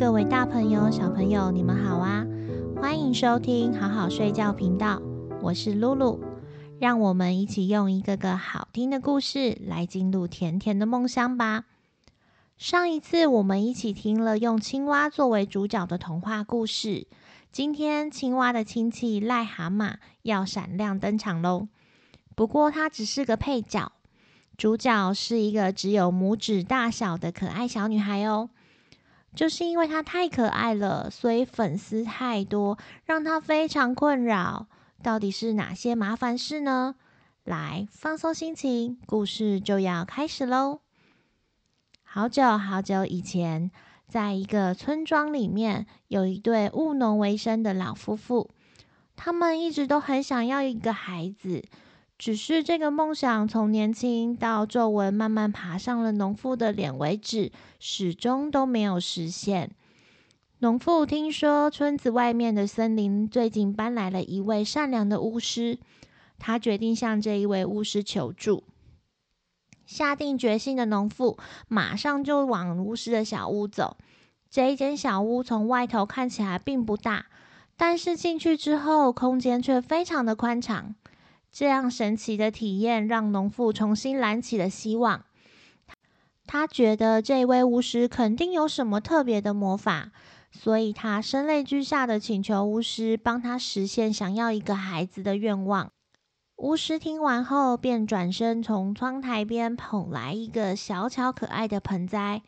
各位大朋友、小朋友，你們好啊！歡迎收聽好好睡覺頻道，我是露露。讓我們一起用一個個好聽的故事來進入甜甜的夢鄉吧。上一次我們一起聽了用青蛙作為主角的童話故事，今天青蛙的親戚癩蛤蟆要閃亮登場嘍。不過它只是個配角，主角是一個只有拇指大小的可愛小女孩哦。就是因為他太可愛了，所以粉絲太多，讓他非常困擾。到底是哪些麻煩事呢？來，放鬆心情，故事就要開始嘍！好久好久以前，在一個村莊裡面，有一對務農為生的老夫婦，他們一直都很想要一個孩子。只是這個夢想，從年輕到皺紋慢慢爬上了農婦的臉為止，始終都沒有實現。農婦聽說村子外面的森林最近搬來了一位善良的巫師，她決定向這一位巫師求助。下定決心的農婦馬上就往巫師的小屋走。這一間小屋從外頭看起來並不大，但是進去之後，空間卻非常的寬敞。這樣神奇的體驗讓農夫重新燃起了希望。他覺得這位巫師肯定有什麼特別的魔法，所以他聲淚俱下的請求巫師幫他實現想要一個孩子的願望。巫師聽完後便轉身從窗台邊捧來一個小巧可愛的盆栽，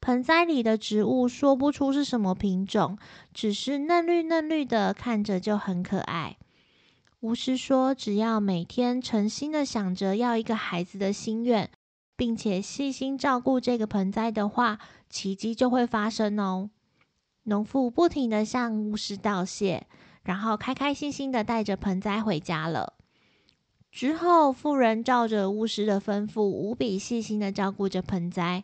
盆栽裡的植物說不出是什麼品種，只是嫩綠嫩綠的，看着就很可愛。巫師說：“只要每天誠心的想着要一個孩子的心願，並且細心照顧這個盆栽的話，奇蹟就會發生哦。”農婦不停的向巫師道謝，然後開開心心的帶着盆栽回家了。之後，婦人照着巫師的吩咐，無比細心的照顧着盆栽。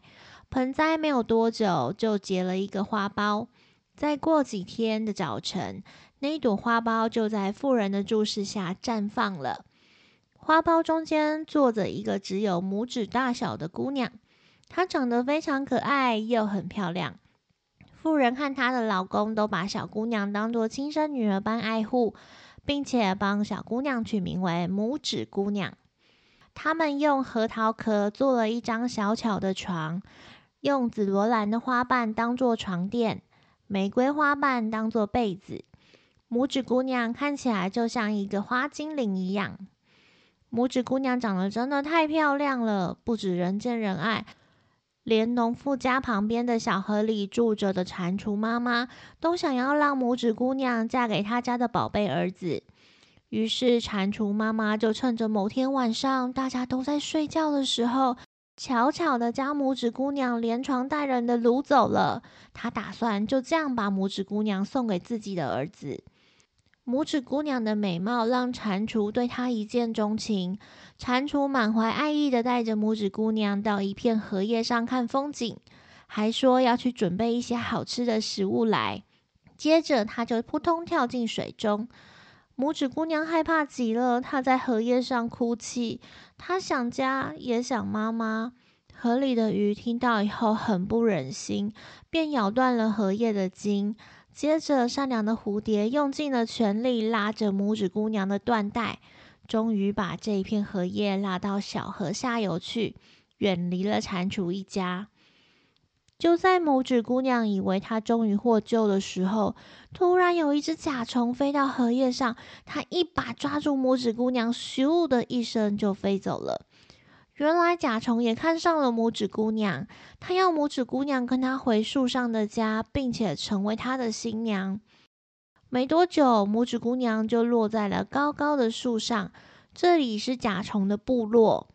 盆栽沒有多久就結了一個花苞。再過幾天的早晨，那朵花苞就在婦人的注視下綻放了。花苞中間坐着一個只有拇指大小的姑娘，她長得非常可愛又很漂亮。婦人和她的老公都把小姑娘當作親生女兒般愛護，並且幫小姑娘取名為拇指姑娘。他們用核桃殼做了一張小巧的床，用紫羅蘭的花瓣當做床墊。玫瑰花瓣當做被子，拇指姑娘看起來就像一個花精靈一樣。拇指姑娘長得真的太漂亮了，不止人見人愛，連農夫家旁邊的小河裡住着的蟾蜍媽媽都想要讓拇指姑娘嫁給她家的寶貝兒子。於是，蟾蜍媽媽就趁着某天晚上大家都在睡覺的時候，悄悄的將拇指姑娘連床帶人的擄走了。他打算就這樣把拇指姑娘送給自己的兒子。拇指姑娘的美貌讓蟾蜍對她一見鍾情。蟾蜍滿懷愛意的帶着拇指姑娘到一片荷葉上看風景，還說要去準備一些好吃的食物來。接着，他就撲通跳進水中。拇指姑娘害怕極了，她在荷葉上哭泣。她想家，也想媽媽。河裡的魚聽到以後很不忍心，便咬斷了荷葉的莖。接着，善良的蝴蝶用盡了全力拉着拇指姑娘的緞帶，終於把這一片荷葉拉到小河下游去，遠離了蟾蜍一家。就在拇指姑娘以為她終於獲救的時候，突然有一隻甲蟲飛到荷葉上，它一把抓住拇指姑娘，咻的一聲就飛走了。原來甲蟲也看上了拇指姑娘，它要拇指姑娘跟她回樹上的家，並且成為她的新娘。沒多久，拇指姑娘就落在了高高的樹上，這裡是甲蟲的部落。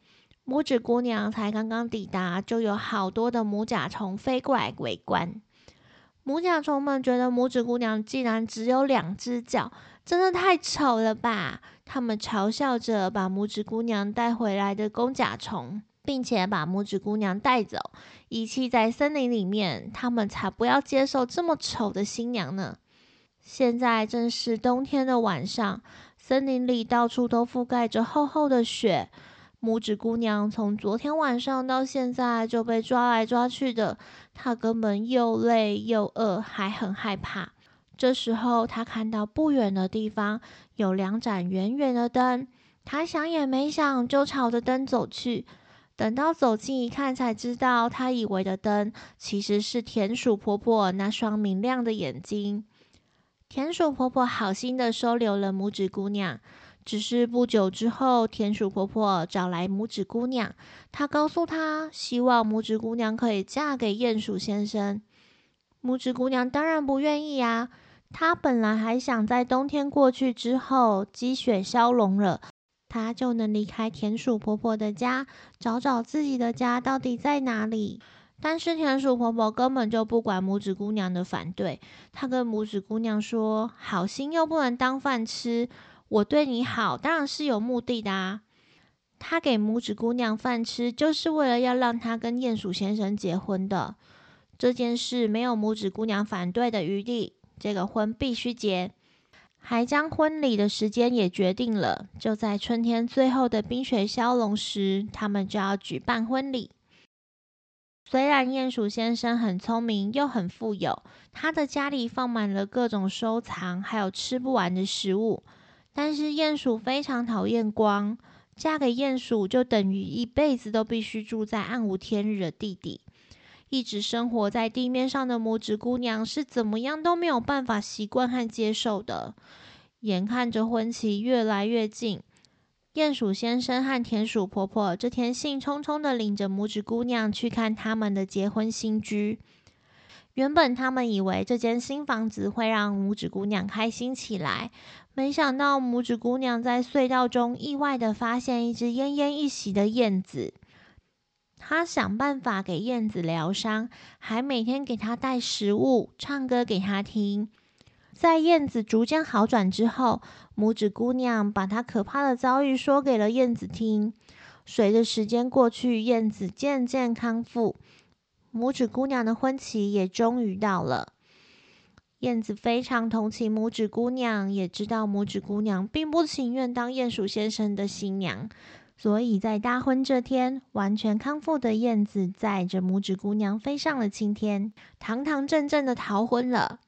拇指姑娘才剛剛抵達，就有好多的母甲蟲飛過來圍觀。母甲蟲們覺得拇指姑娘竟然只有兩隻腳，真的太醜了吧！他們嘲笑着把拇指姑娘帶回來的公甲蟲，並且把拇指姑娘帶走，遺棄在森林裡面。他們才不要接受這麼醜的新娘呢！現在正是冬天的晚上，森林裡到處都覆蓋着厚厚的雪。拇指姑娘從昨天晚上到現在就被抓來抓去的，她根本又累又餓，還很害怕。這時候，她看到不遠的地方有兩盞圓圓的燈，她想也沒想就朝着燈走去。等到走近一看，才知道她以為的燈其實是田鼠婆婆那雙明亮的眼睛。田鼠婆婆好心的收留了拇指姑娘。只是不久之後，田鼠婆婆找來拇指姑娘，她告訴她，希望拇指姑娘可以嫁給鼹鼠先生。拇指姑娘當然不願意呀、啊，她本來還想在冬天過去之後，積雪消融了，她就能離開田鼠婆婆的家，找找自己的家到底在哪裡。但是田鼠婆婆根本就不管拇指姑娘的反對，她跟拇指姑娘說：“好心又不能當飯吃。”我對你好當然是有目的的啊！他給拇指姑娘飯吃，就是為了要讓她跟鼴鼠先生結婚的。這件事沒有拇指姑娘反對的餘地，這個婚必須結。還將婚禮的時間也決定了，就在春天最後的冰雪消融時，他們就要舉辦婚禮。雖然鼴鼠先生很聰明，又很富有，他的家裡放滿了各種收藏，還有吃不完的食物。但是鼴鼠非常討厭光，嫁給鼴鼠就等於一輩子都必須住在暗無天日的地底。一直生活在地面上的拇指姑娘是怎麼樣都沒有辦法習慣和接受的。眼看着婚期越來越近，鼴鼠先生和田鼠婆婆這天興沖沖的領着拇指姑娘去看他們的結婚新居。原本他們以為這間新房子會讓拇指姑娘開心起來，沒想到拇指姑娘在隧道中意外地發現一隻奄奄一息的燕子。她想辦法給燕子療傷，還每天給她帶食物、唱歌給她聽。在燕子逐漸好轉之後，拇指姑娘把她可怕的遭遇說給了燕子聽。隨着時間過去，燕子漸漸康復。拇指姑娘的婚期也終於到了。燕子非常同情拇指姑娘，也知道拇指姑娘並不情願當鼴鼠先生的新娘，所以在大婚這天，完全康復的燕子載着拇指姑娘飛上了青天，堂堂正正的逃婚了。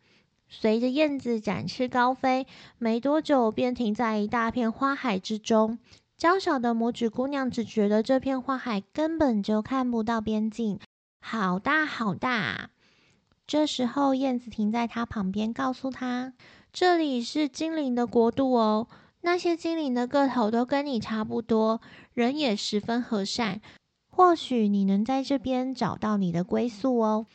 隨着燕子展翅高飛，沒多久便停在一大片花海之中。嬌小的拇指姑娘只覺得這片花海根本就看不到邊境。好大好大！這時候，燕子停在它旁邊，告訴他：“這裡是精靈的國度哦，那些精靈的個頭都跟你差不多，人也十分和善，或許你能在這邊找到你的歸宿哦。”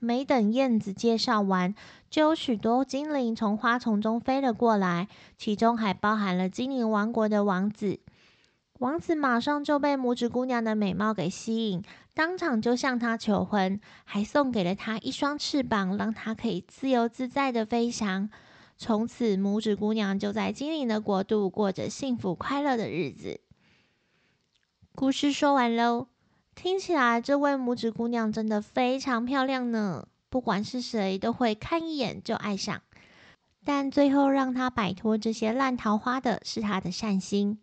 沒等燕子介紹完，就有許多精靈從花叢中飛了過來，其中還包含了精靈王國的王子。王子馬上就被拇指姑娘的美貌給吸引，當場就向她求婚，還送給了她一雙翅膀，讓她可以自由自在的飛翔。從此，拇指姑娘就在精靈的國度過着幸福快樂的日子。故事說完嘍，聽起來這位拇指姑娘真的非常漂亮呢，不管是誰都會看一眼就愛上，但最後讓她擺脫這些爛桃花的是她的善心。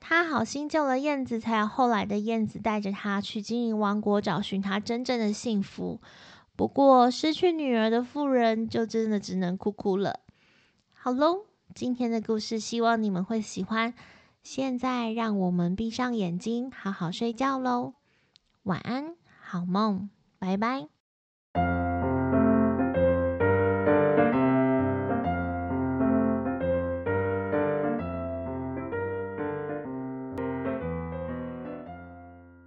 他好心救了燕子，才有後來的燕子帶着他去精靈王國找尋他真正的幸福。不過失去女兒的婦人就真的只能哭哭了。好嘍，今天的故事希望你們會喜歡。現在讓我們閉上眼睛，好好睡覺嘍。晚安，好夢，拜拜。